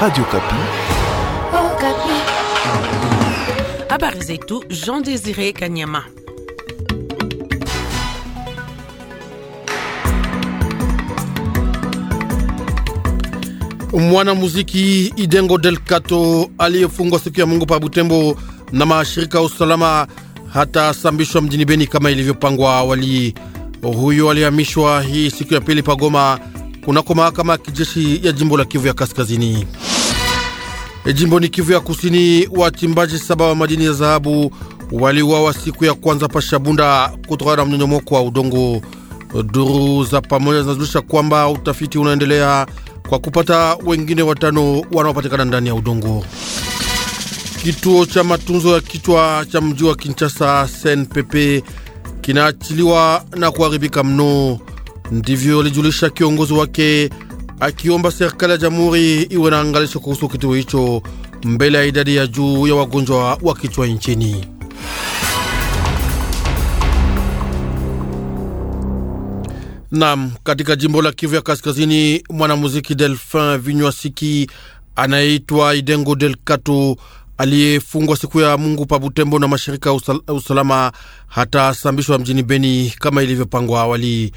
Radio Kapi. Oh, Kapi. Habari zetu Jean Désiré Kanyama. Mwanamuziki Idengo Del Kato aliyefungwa siku ya Mungu pa Butembo na mashirika ya usalama sambishwa mjini Beni kama ilivyopangwa awali. Huyo alihamishwa hii siku ya pili pa Goma kunako mahakama ya kijeshi ya jimbo la Kivu ya Kaskazini. E, Jimboni Kivu ya Kusini, wachimbaji saba wa madini ya dhahabu waliuawa siku ya kwanza pa Shabunda kutokana na mnyonyomoko wa udongo. Duru za pamoja zinajulisha kwamba utafiti unaendelea kwa kupata wengine watano wanaopatikana ndani ya udongo. Kituo cha matunzo ya kichwa cha mji wa Kinshasa SNPP kinaachiliwa na kuharibika mno, ndivyo alijulisha kiongozi wake akiomba serikali ya jamhuri iwe na angalisho kuhusu kituo hicho mbele ya idadi ya juu ya wagonjwa wa kichwa nchini. Nam, katika jimbo la Kivu ya Kaskazini, mwanamuziki Delfin Siki anayeitwa Idengo Del Kato aliyefungwa siku ya Mungu pa Butembo na mashirika ya usalama hata sambishwa mjini Beni kama ilivyopangwa awali.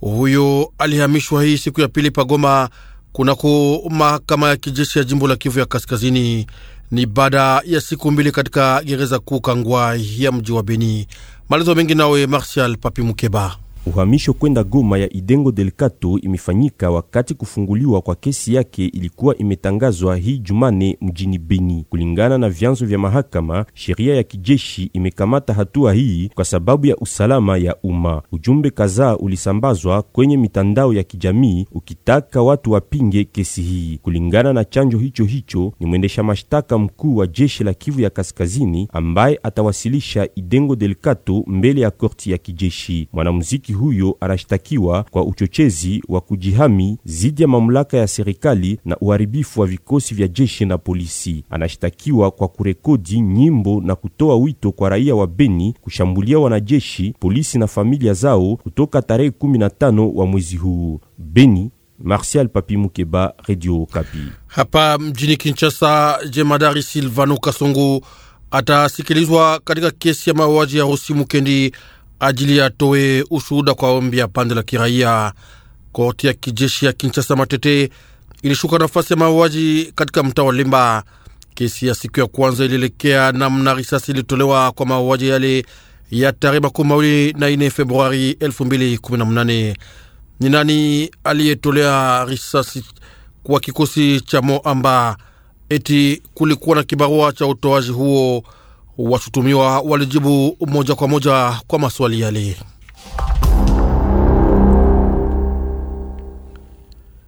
Huyo alihamishwa hii siku ya pili pagoma kunako mahakama ya kijeshi ya jimbo la Kivu ya Kaskazini ni baada ya siku mbili katika gereza kuu Kangwa ya mji wa Beni. Malizo mengi nawe Martial Papi Mukeba. Uhamisho kwenda Goma ya Idengo Delcato imefanyika wakati kufunguliwa kwa kesi yake ilikuwa imetangazwa hii Jumane mjini Beni. Kulingana na vyanzo vya mahakama, sheria ya kijeshi imekamata hatua hii kwa sababu ya usalama ya umma. Ujumbe kadhaa ulisambazwa kwenye mitandao ya kijamii ukitaka watu wapinge kesi hii. Kulingana na chanjo hicho hicho, ni mwendesha mashtaka mkuu wa jeshi la Kivu ya Kaskazini ambaye atawasilisha Idengo Delcato mbele ya korti ya kijeshi. Mwanamuziki huyo anashtakiwa kwa uchochezi wa kujihami dhidi ya mamlaka ya serikali na uharibifu wa vikosi vya jeshi na polisi. Anashtakiwa kwa kurekodi nyimbo na kutoa wito kwa raia wa Beni kushambulia wanajeshi, polisi na familia zao kutoka tarehe 15 wa mwezi huu. Beni, Martial Papi Mukeba, Radio Kapi. Hapa mjini Kinshasa, jemadari Silvano Kasongo atasikilizwa katika kesi ya mauaji ya Rosi Mukendi ajili ya toe ushuhuda kwa ombi ya pande la kiraia. Korti ya kijeshi ya Kinshasa Matete ilishuka nafasi ya mauaji katika mtaa wa Limba. Kesi ya siku ya kwanza ilielekea namna risasi ilitolewa kwa mauaji yale ya tarehe makumi mawili na ine Februari elfu mbili kumi na mnane. Ni nani aliyetolea risasi kwa kikosi cha Moamba? Eti kulikuwa na kibarua cha utoaji huo Washutumiwa walijibu moja kwa moja kwa maswali yale.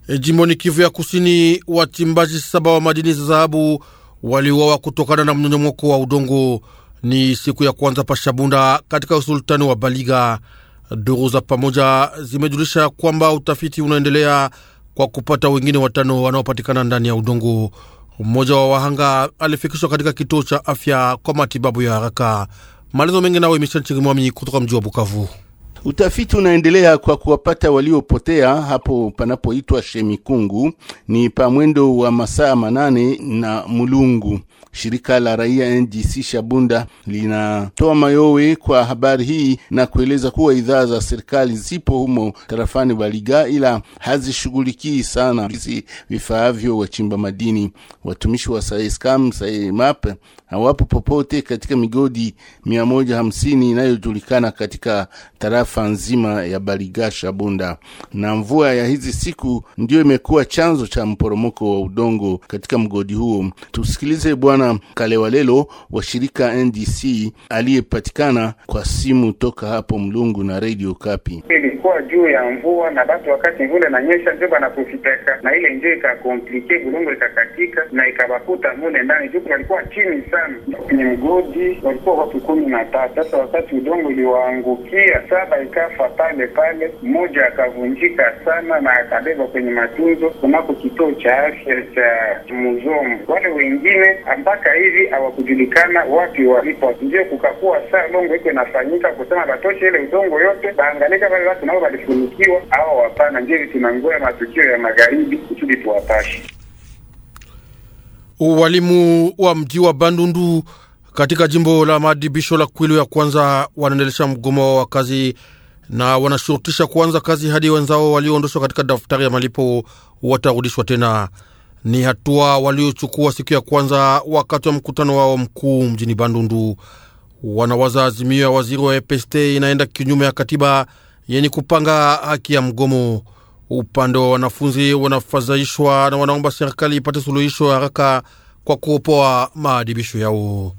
E, jimboni Kivu ya Kusini, wachimbaji saba wa madini za dhahabu waliuawa kutokana na mnyonyomoko wa udongo. Ni siku ya kwanza Pashabunda katika usultani wa Baliga. Duru za pamoja zimejulisha kwamba utafiti unaendelea kwa kupata wengine watano wanaopatikana ndani ya udongo. Mmoja wa wahanga alifikishwa katika kituo cha afya kwa matibabu ya haraka. Malizo mengi nawe Michel Chirimwami kutoka mji wa Bukavu. Utafiti unaendelea kwa kuwapata waliopotea hapo panapoitwa Shemikungu, ni pa mwendo wa masaa manane na Mulungu. Shirika la raia NDC Shabunda linatoa mayowe kwa habari hii na kueleza kuwa idhaa za serikali zipo humo tarafani Baliga, ila hazishughulikii sana hizi vifaavyo wachimba madini. Watumishi wa Saescam Saemap hawapo popote katika migodi mia hamsini inayojulikana katika tarafa nzima ya Baliga Shabunda, na mvua ya hizi siku ndio imekuwa chanzo cha mporomoko wa udongo katika mgodi huo. Tusikilize bwana Bwana Kalewalelo wa shirika NDC aliyepatikana kwa simu toka hapo Mlungu na Radio Kapi. Ilikuwa juu ya mvua na batu, wakati mvula inanyesha njo banapofitaka na ile njo ikakomplike, bulungu ikakatika na ikabakuta mule ndani juu walikuwa chini sana kwenye mgodi, walikuwa watu kumi na tatu. Sasa wakati udongo iliwaangukia, saba ikafa pale pale, mmoja akavunjika sana na akabeba kwenye matunzo kunako kituo cha afya cha Muzomo. Wale wengine amba mpaka hivi hawakujulikana wapi walipo. Ndio kukakuwa saa longo iko inafanyika kusema batoshe ile udongo yote baangalika wale watu nao walifunikiwa awa wapana. Ndio tunangoya matukio ya magharibi kusudi tuwapashe. Walimu wa mji wa Bandundu katika jimbo la maadibisho la Kwilu ya kwanza wanaendelesha mgomo wa kazi na wanashurutisha kuanza kazi hadi wenzao walioondoshwa katika daftari ya malipo watarudishwa tena. Ni hatua waliochukua siku ya kwanza wakati wa mkutano wao mkuu mjini Bandundu. Wanawaza azimio ya waziri wa EPST inaenda kinyume ya katiba yenye kupanga haki ya mgomo. Upande wa wanafunzi wanafadhaishwa na wanaomba serikali ipate suluhisho haraka kwa kuopoa maadibisho yao.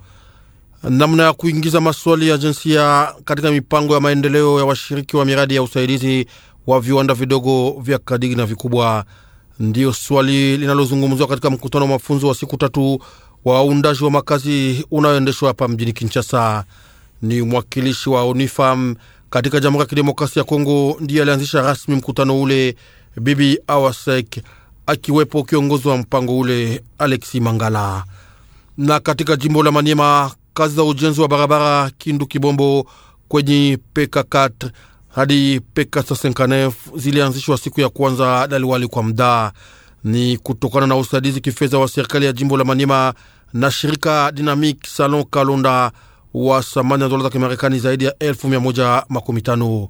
Namna ya kuingiza maswali ya jinsia katika mipango ya maendeleo ya washiriki wa miradi ya usaidizi wa viwanda vidogo vya kadiri na vikubwa ndiyo swali linalozungumzwa katika mkutano wa mafunzo wa siku tatu wa waundaji wa makazi unayoendeshwa hapa mjini Kinshasa. Ni mwakilishi wa UNIFAM katika Jamhuri ya Kidemokrasia ya Kongo ndiye alianzisha rasmi mkutano ule, Bibi Awasek akiwepo kiongozi wa mpango ule Alexi Mangala. Na katika jimbo la Maniema, kazi za ujenzi wa barabara Kindu Kibombo kwenye pk 4 hadi pk 59 zilianzishwa siku ya kwanza daliwali kwa mdaa. Ni kutokana na usaidizi kifedha wa serikali ya jimbo la Manima na shirika Dynamic Salon Kalonda wa thamani ya dola za Kimarekani zaidi ya elfu mia moja makumi tano.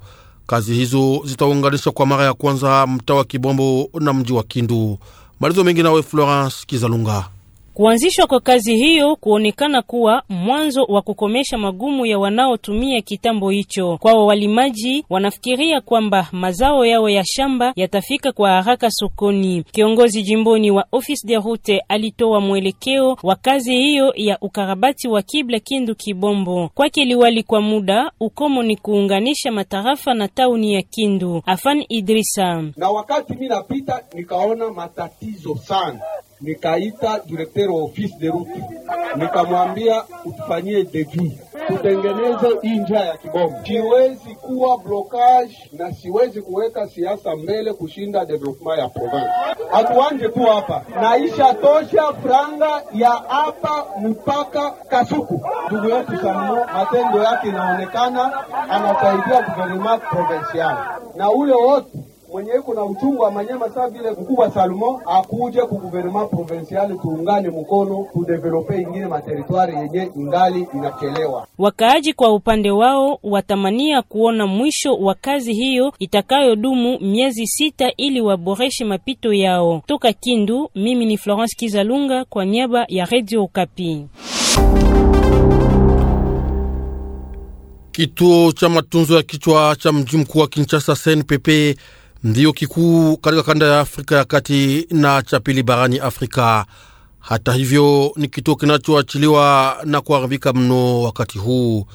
Kazi hizo zitaunganisha kwa mara ya kwanza mtaa wa Kibombo na mji wa Kindu. Malizo mengi nawe Florence Kizalunga. Kuanzishwa kwa kazi hiyo kuonekana kuwa mwanzo wa kukomesha magumu ya wanaotumia kitambo hicho. Kwao walimaji wanafikiria kwamba mazao yao ya shamba yatafika kwa haraka sokoni. Kiongozi jimboni wa Office de Route alitoa mwelekeo wa kazi hiyo ya ukarabati wa Kibla Kindu Kibombo. Kwake liwali kwa muda, ukomo ni kuunganisha matarafa na tauni ya Kindu. Afan Idrisa: na wakati mi napita nikaona matatizo sana nikaita direktero wa ofisi de route, nikamwambia utufanyie devis tutengeneze hii njia ya Kigoma. Siwezi kuwa blocage na siwezi kuweka siasa mbele kushinda development ya province. Hatuanje tu hapa, naisha tosha franga ya hapa mpaka Kasuku. Ndugu yetu Samuo, matendo yake inaonekana, anasaidia gouvernement provincial na ule wote mwenye iko na uchungu wa manyama saa vile kukubwa Salomo akuje ku gouvernement provincial, tuungane mkono tudevelope ingine materitwari yenye ingali inachelewa. Wakaaji kwa upande wao watamania kuona mwisho wa kazi hiyo itakayodumu miezi sita ili waboreshe mapito yao. Toka Kindu, mimi ni Florence Kizalunga kwa niaba ya Radio Okapi. Kituo cha matunzo ya kichwa cha mji mkuu wa Kinshasa, SNPP ndiyo kikuu katika kanda ya Afrika ya kati na cha pili barani Afrika. Hata hivyo ni kituo kinachoachiliwa na kuharibika mno wakati huu,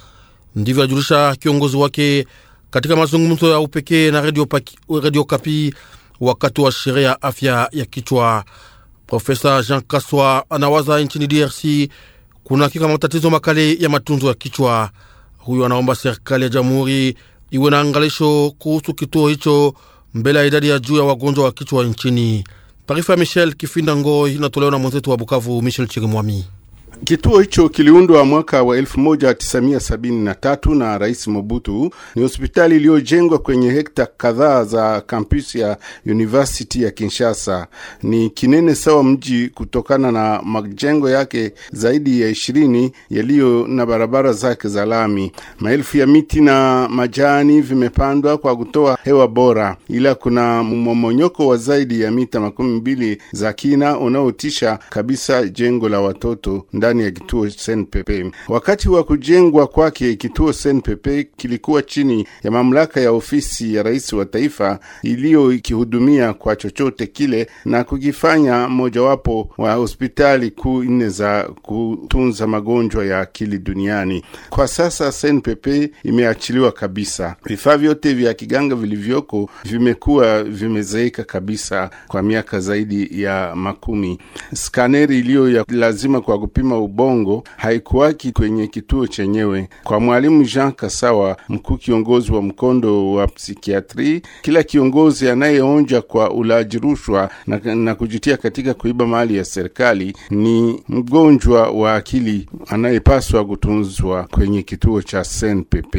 ndivyo ajulisha kiongozi wake katika mazungumzo ya upekee na redio, Paki, redio Kapi wakati wa sherehe ya afya ya kichwa. Profesa Jean Kaswa anawaza nchini DRC kuna hakika matatizo makali ya matunzo ya kichwa. Huyo anaomba serikali ya jamhuri iwe na angalisho kuhusu kituo hicho mbele ya idadi ya juu ya wagonjwa wa kichwa nchini. Taarifa ya Michel Kifinda Ngoi inatolewa na mwenzetu wa Bukavu, Michel Chirimwami. Kituo hicho kiliundwa mwaka wa 1973 na, na Rais Mobutu. Ni hospitali iliyojengwa kwenye hekta kadhaa za kampus ya University ya Kinshasa. Ni kinene sawa mji kutokana na majengo yake zaidi ya ishirini yaliyo na barabara zake za lami. Maelfu ya miti na majani vimepandwa kwa kutoa hewa bora, ila kuna mmomonyoko wa zaidi ya mita makumi mbili za kina unaotisha kabisa jengo la watoto ndani ya kituo Saint Pepe. Wakati wa kujengwa kwake, kituo Saint Pepe kilikuwa chini ya mamlaka ya ofisi ya rais wa taifa ikihudumia kwa chochote kile na kukifanya mojawapo wa hospitali kuu nne za kutunza magonjwa ya akili duniani. Kwa sasa Saint Pepe imeachiliwa kabisa. Vifaa vyote vya kiganga vilivyoko vimekuwa vimezeeka kabisa kwa miaka zaidi ya makumi. Skaneri iliyo ya lazima kwa kupima kupima ubongo haikuwaki kwenye kituo chenyewe. Kwa mwalimu Jean Kasawa, mkuu kiongozi wa mkondo wa psikiatri, kila kiongozi anayeonja kwa ulaji rushwa na, na kujitia katika kuiba mali ya serikali ni mgonjwa wa akili anayepaswa kutunzwa kwenye kituo cha SNPP.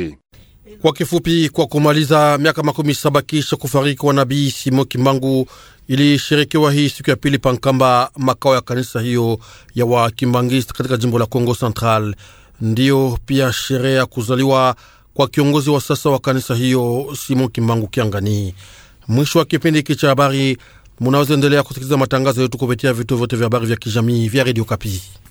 Kwa kifupi, kwa kumaliza miaka makumi saba kisha kufariki kwa nabii Simo Kimbangu ilishirikiwa hii siku ya pili Pankamba, makao ya kanisa hiyo ya Wakimbangist katika jimbo la congo Central. Ndiyo pia sherehe ya kuzaliwa kwa kiongozi wa sasa wa kanisa hiyo Simo Kimbangu Kiangani. Mwisho wa kipindi hiki cha habari, munaweza endelea kusikiliza matangazo yetu kupitia vituo vyote vya habari vya kijamii vya redio Kapi.